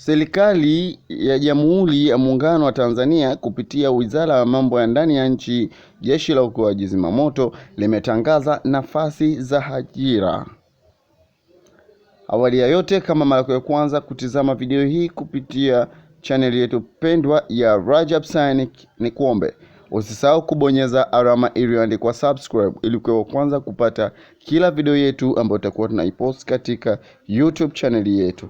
Serikali ya Jamhuri ya Muungano wa Tanzania kupitia Wizara ya Mambo ya Ndani ya Nchi, Jeshi la Uokoaji Zimamoto limetangaza nafasi za ajira. Awali ya yote, kama mara ya kwanza kutizama video hii kupitia chaneli yetu pendwa ya Rajab Synic, ni kuombe usisahau kubonyeza alama iliyoandikwa subscribe ili kuwa kwanza kupata kila video yetu ambayo tutakuwa tunaipost katika YouTube chaneli yetu.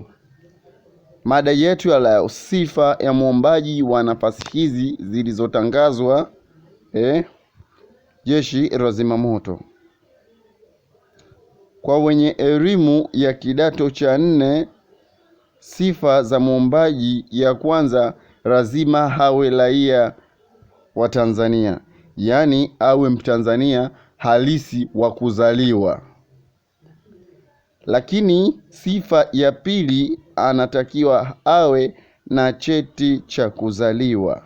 Mada yetu ya leo, sifa ya mwombaji wa nafasi hizi zilizotangazwa eh, jeshi la zimamoto. Kwa wenye elimu ya kidato cha nne, sifa za mwombaji: ya kwanza, lazima hawe raia wa Tanzania, yaani awe Mtanzania halisi wa kuzaliwa. Lakini sifa ya pili anatakiwa awe na cheti cha kuzaliwa.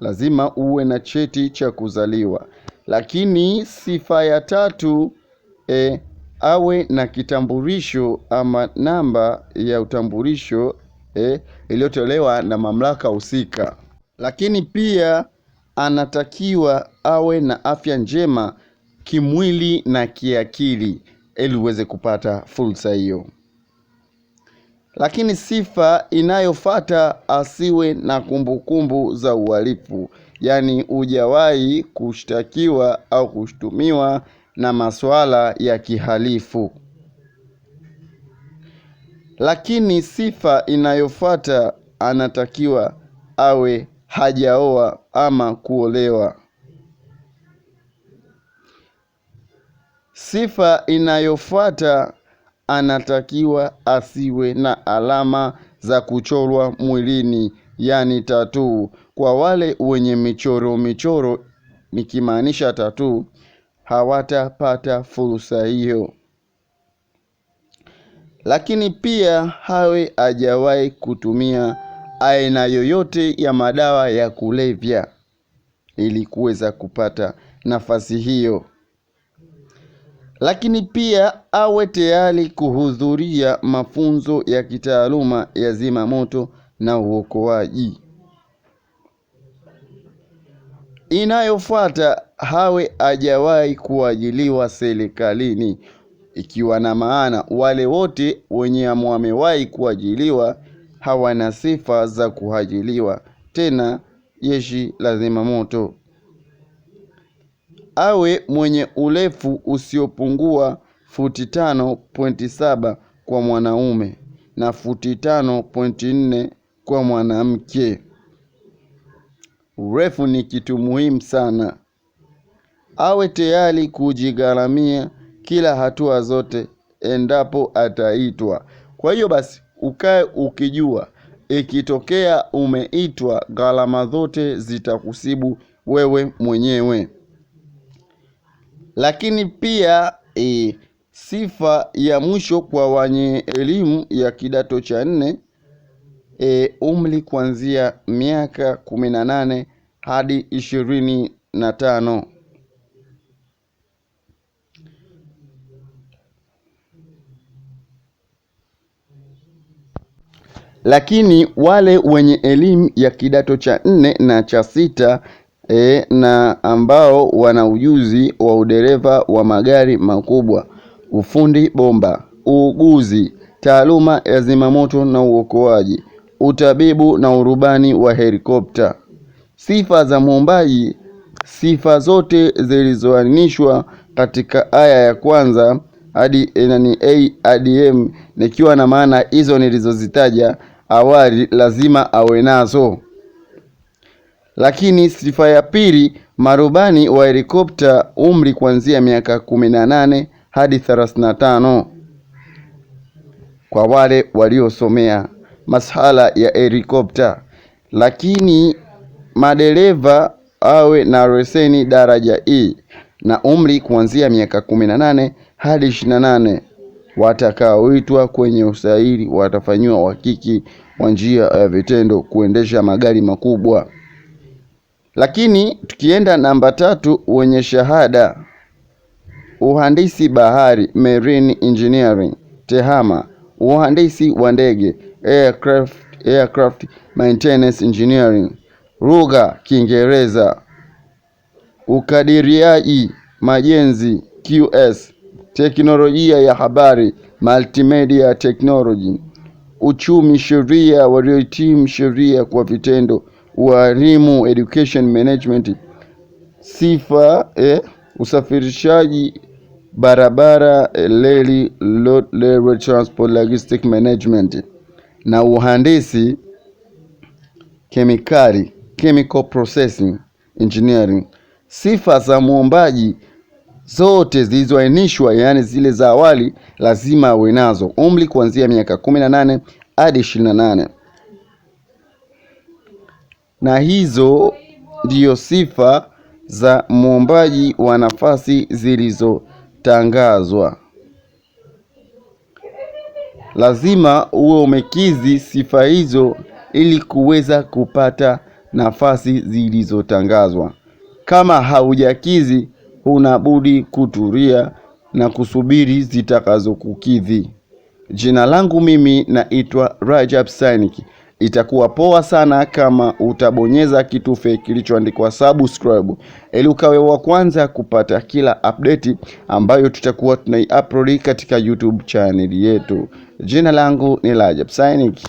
Lazima uwe na cheti cha kuzaliwa. Lakini sifa ya tatu e, awe na kitambulisho ama namba ya utambulisho e, iliyotolewa na mamlaka husika. Lakini pia anatakiwa awe na afya njema kimwili na kiakili ili uweze kupata fursa hiyo. Lakini sifa inayofata asiwe na kumbukumbu kumbu za uhalifu, yaani hujawahi kushtakiwa au kushtumiwa na masuala ya kihalifu. Lakini sifa inayofata anatakiwa awe hajaoa ama kuolewa. Sifa inayofuata anatakiwa asiwe na alama za kuchorwa mwilini, yani tatuu. Kwa wale wenye michoro michoro, nikimaanisha tatuu, hawatapata fursa hiyo. Lakini pia hawe hajawahi kutumia aina yoyote ya madawa ya kulevya ili kuweza kupata nafasi hiyo lakini pia awe tayari kuhudhuria mafunzo ya kitaaluma ya zimamoto na uokoaji. Inayofuata, hawe hajawahi kuajiliwa serikalini, ikiwa na maana wale wote wenye wamewahi kuajiliwa hawana sifa za kuajiliwa tena Jeshi la Zimamoto awe mwenye urefu usiopungua futi tano pointi saba kwa mwanaume na futi tano pointi nne kwa mwanamke. Urefu ni kitu muhimu sana. Awe tayari kujigharamia kila hatua zote endapo ataitwa. Kwa hiyo basi, ukae ukijua ikitokea umeitwa, gharama zote zitakusibu wewe mwenyewe. Lakini pia e, sifa ya mwisho kwa wenye elimu ya kidato cha nne e, umri kuanzia miaka kumi na nane hadi ishirini na tano lakini wale wenye elimu ya kidato cha nne na cha sita e, na ambao wana ujuzi wa udereva wa magari makubwa, ufundi bomba, uuguzi, taaluma ya zimamoto na uokoaji, utabibu na urubani wa helikopta. Sifa za mwombaji. Sifa zote zilizoainishwa katika aya ya kwanza hadi eh, nani a hadi m, nikiwa na maana hizo nilizozitaja awali lazima awe nazo. Lakini sifa ya pili, marubani wa helikopta umri kuanzia miaka kumi na nane hadi thelathini na tano kwa wale waliosomea mashala ya helikopta. Lakini madereva awe na leseni daraja E na umri kuanzia miaka kumi na nane hadi ishirini na nane Watakaoitwa kwenye usaili watafanyiwa uhakiki wa njia ya vitendo kuendesha magari makubwa. Lakini tukienda namba tatu, wenye shahada uhandisi bahari marine engineering TEHAMA, uhandisi wa ndege aircraft, aircraft maintenance engineering, lugha Kiingereza, ukadiriaji majenzi QS, teknolojia ya habari multimedia technology, uchumi sheria waliohitimu sheria kwa vitendo ualimu, education management, sifa eh, usafirishaji, barabara, eh, reli, railway transport, logistic management, na uhandisi kemikali, chemical processing engineering. Sifa za muombaji zote zilizoainishwa, yaani zile za awali, lazima awe nazo. Umri kuanzia miaka 18 hadi nane na hizo ndiyo sifa za muombaji wa nafasi zilizotangazwa. Lazima uwe umekizi sifa hizo ili kuweza kupata nafasi zilizotangazwa. Kama haujakizi huna budi kutulia na kusubiri zitakazokukidhi. Jina langu mimi naitwa Rajab Synic. Itakuwa poa sana kama utabonyeza kitufe kilichoandikwa subscribe ili ukawe wa kwanza kupata kila update ambayo tutakuwa tunaiupload katika YouTube channel yetu. Jina langu ni Rajab Synic.